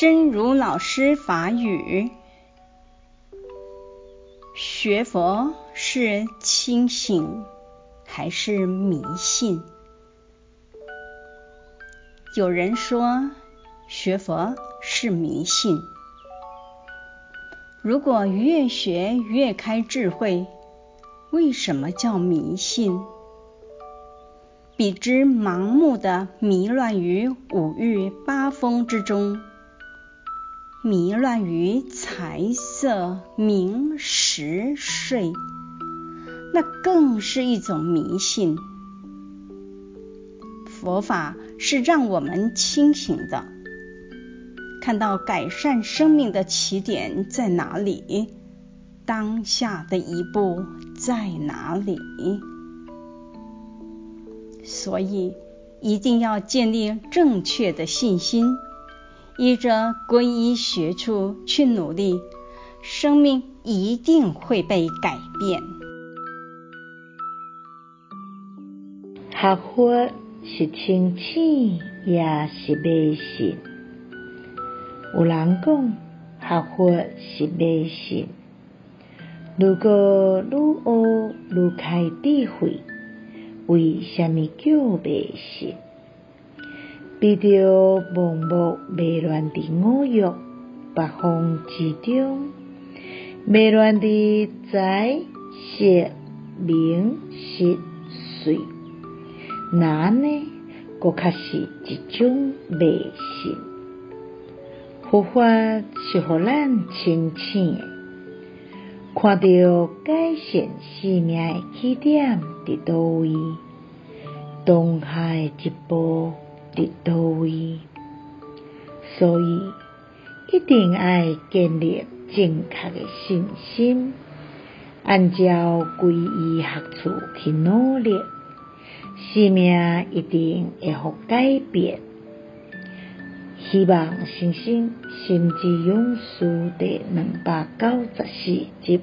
真如老師法語：學佛是清醒還是迷信？有人說學佛是迷信。如果越學越開智慧，為什麼叫迷信？比之盲目的迷亂於五欲八風之中。迷亂於財、色、名、食、睡，那更是一種迷信。佛法是讓我們清醒的，看到改善生命的起點在哪裡，當下的一步在哪裡。所以，一定要建立正確的信心。依着皈依學處去努力，生命一定會被改變。學佛是清醒，也是迷信。有人講，學佛是迷信。如果愈學愈開智慧，為甚麼叫迷信？比着盲目迷亂的五欲八風之中，迷亂的財、色、名、食、睡，那呢，佫卡是一種迷信。佛法是予咱清醒的，看到改善生命的起點佇叨位，當下的一步，佇倒位，所以一定要建立正確嘅信心，按照皈依學處去努力，生命一定會好改變。希望新生，心之勇士第兩百九十四集。